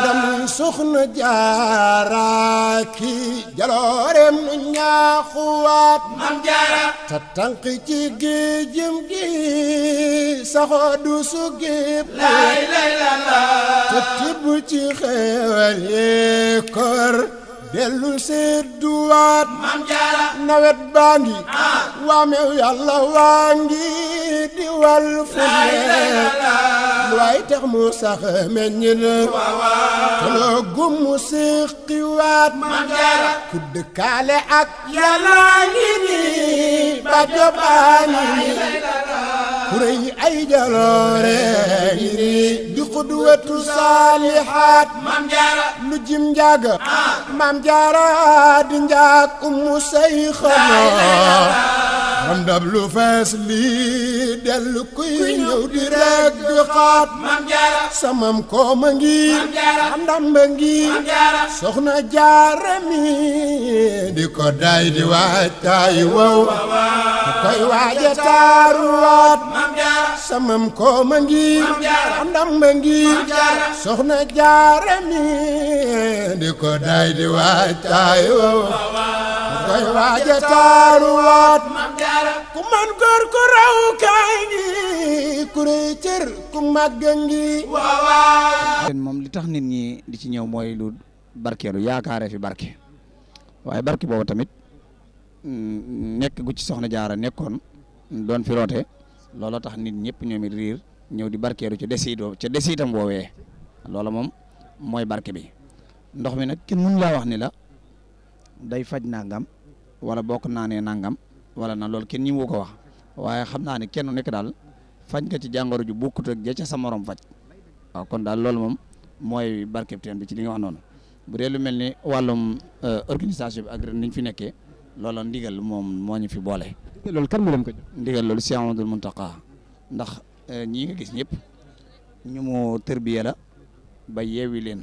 nam soxna jaara ki jaloorem nu ñaaxuwaat mam ci géejëm gi saxoo du su géeb lay lay la ci xeewal yi kor dellu seet duwaat nawet baa ngi ah. waamew yàlla waa ngi di wal fu ne waay tax mu sax meññ toloo gumu siqi waat maam jaara ku dëkkaale ak yàlla ngi nii ba jobaani ku rëy ay jaloore ngi nii di xudwatu saalihaat maam jaara lu jim njaaga ah. maam jaara di njaag umu say xanaa am ndab lu fees lii ngi am ndamba soxna jaara di ko day di waaj taayu wow di ko day di waaj taayu wow day waaja taaruwaat ku man góor ku raw kaa ngi ku cër ku màgg ngi waaw moom li tax nit ñi di ci ñëw mooy lu barkeelu yaakaare fi barke waaye barke boobu tamit mm, nekk gu ci soxna jaara nekkoon doon fi roote looloo tax nit ñëpp ñoom riir ñëw di barkeelu ci desiitoo ca desiitam woowee loola moom mooy barke bi ndox mi nag kenn mënu laa wax ni la day faj nangam wala bokk naa ne nangam wala na loolu kenn ñi mu ko wax waaye xam naa ne kenn nekk daal faj nga ci jàngoro ju bokkut ak ja ca sa morom faj waaw kon daal loolu moom mooy barkeb teen bi ci li nga wax noonu bu dee lu mel ni wàllum euh, organisation bi ak ni ñu fi nekkee loola ndigal moom moo ñu fi boole. loolu kan mu leen ko jox. ndigal loolu Cheikh Amadou Mountakha ndax euh, ñii gis ñëpp ñu mu tërbiya la ba yeewi leen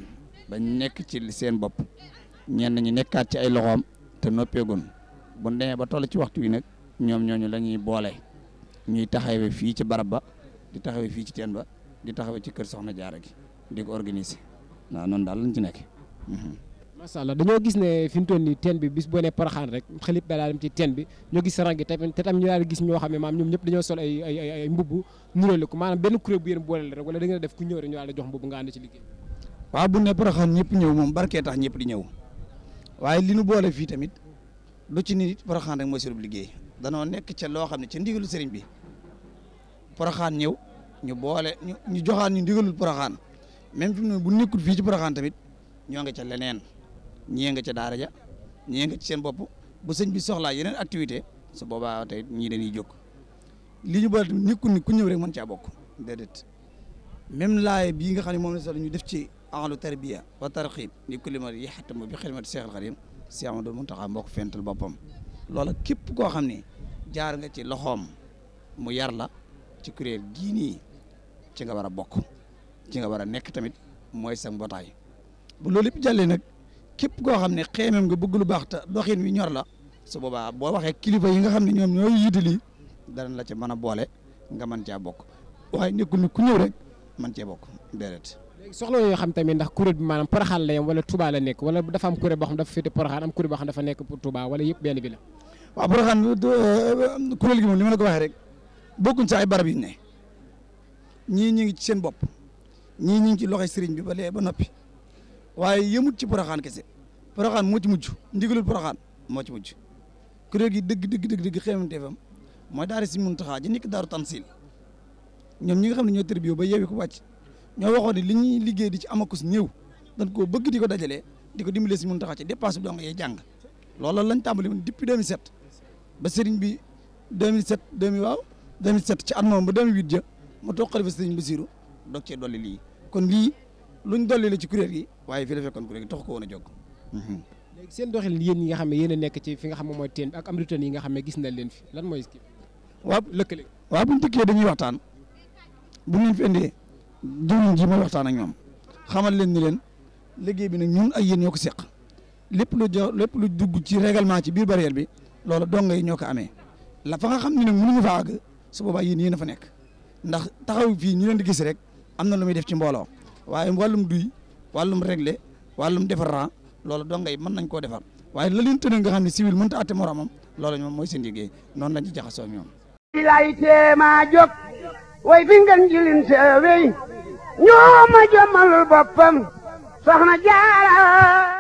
ba nekk ci seen bopp. ñenn ñi nekkaat ci ay loxoom te noppeegun bu demee ba toll ci waxtu wi nag ñoom ñooñu la ñuy boole ñuy taxawee fii ci barab ba di taxawee fii ci teen ba di taxawee ci kër Soxna Jaara gi di ko organiser waaw daal lañ ci nekk. Mhm. macha allah dañoo gis ne fi mu toll nii teen bi bis boo nee Porokhane rek xalib ci teen bi ñoo gis rang gi tamit te tam ñu daal gis ñoo xam ne maam ñoom ñëpp dañoo sol ay ay ay mbubb nuróole ko maanaam benn kuréel bu yéen boole la rek wala da ngeen def ku ñëw rek ñu daal jox mbubb nga ànd ci liggéey. waaw bu ne Porokhane ñëpp ñëw moom barkee tax ñëpp di ñëw waaye li nu boole fii tamit lu ci nit Porokhane rek mooy seen liggéey danoo nekk ca loo xam ne ca ndigalu sëriñ bi Porokhane ñëw ñu boole ñu ñu joxaan ñu ndigalul Porokhane même fi mu ne bu fii ci Porokhane tamit ñoo nga ca leneen ñii nga ca daara ja ñii nga ci seen bopp bu sëñ bi soxlaa yeneen activité su boobaa tey ñii dañuy jóg li ñu boole tamit nekkul ni ku ñëw rek mën caa bokk déedéet même laay bii nga xam ne moom la sax ñu def ci. ahlu tarbiya wa tarxib ni kulli ma yaxtamu bi xidmati Seex al Xadim si Amadou Muntaxa ko fental boppam loola képp koo xam ne jaar nga ci loxoom mu yar la ci kuréel gii nii ci nga war a bokk ci nga war a nekk tamit mooy sa mbootaay bu loolu yëpp jàllee nag képp koo xam ne xeemem nga bëgg lu baax te doxin wi ñor la su boobaa boo waxee kilifa yi nga xam ne ñoom ñooy yiite lii danañ la ci mën a boole nga mën caa bokk waaye nekkul ni ku rek mën cee bokk déedéet léegi soxla yoo xam tamit ndax kuréel bi maanaam Porokhane la yem tubaa Touba la nekk wala dafa am kuréel boo xam dafa féete Porokhane am kuréel boo xam dafa nekk pour Touba wala yëpp euh, euh, ko waxee rek bokkuñ ci ay barab yi ne ñii ñu ngi ci seen bopp ñii ñu ci loxo sëriñ bi ba ba noppi waaye yëmut ci Porokhane kese Porokhane moo ci mujj ndigalul Porokhane moo ci mujj kuréel gi dëgg dëgg dëgg dëgg xeemanteefam mooy daara si Muntaxa ji nekk daaru tansil ñoom ñi nga xam ne ñoo tërbiyo ba yeewi ko wàcc ñoo waxoon li ñuy liggéey di ci amakus ñëw dañ koo bëgg di ko dajalee di ko dimbale si mun taxaw ci dépasse bi dong yee jàng loolu lañ tàmbali woon depuis 2007 ba sëriñ bi 2007 2000 waaw 2007 ci at moom ba 2008 ja mu toog xalifa sëriñ Basiru doog cee dolli lii kon lii luñ dolli la ci kuréel gi waaye fii la fekkoon kuréel gi tax ko woon a jóg. Mhm. léegi seen doxalin yéen ñi nga xam ne yéen nekk ci fi nga xam ne mooy teen bi ak am rutan yi nga xam ne gis na leen fi lan mooy. waaw lëkkale. waa bu ñu tëkkee dañuy waxtaan bu ñu leen fi indee jëwriñ ji mooy waxtaan ñoom xamal leen ni leen liggéey bi nag ñun ak yéen ñoo ko seq lépp lu jo lépp lu jugg ci règlement ci biir barrière bi loolu donga yi ñoo ko amee la fa nga xam ne nag mënuñu faa àgg su boobaa yéen yéen a fa nekk ndax taxaw fii ñu leen di gis rek am na lu muy def ci mbooloo waaye wàllum duy wàllum réglé wallum defar ran loolu donga yi mën nañ koo defar waaye la leen tënk nga xam ne civil mënut a atte moromam loolu ñoom mooy seen liggéey noonu lañ ci jaxasoo ñoom. way fi ngeen jilin seewey ñoo ma jommalul boppam soxna jaara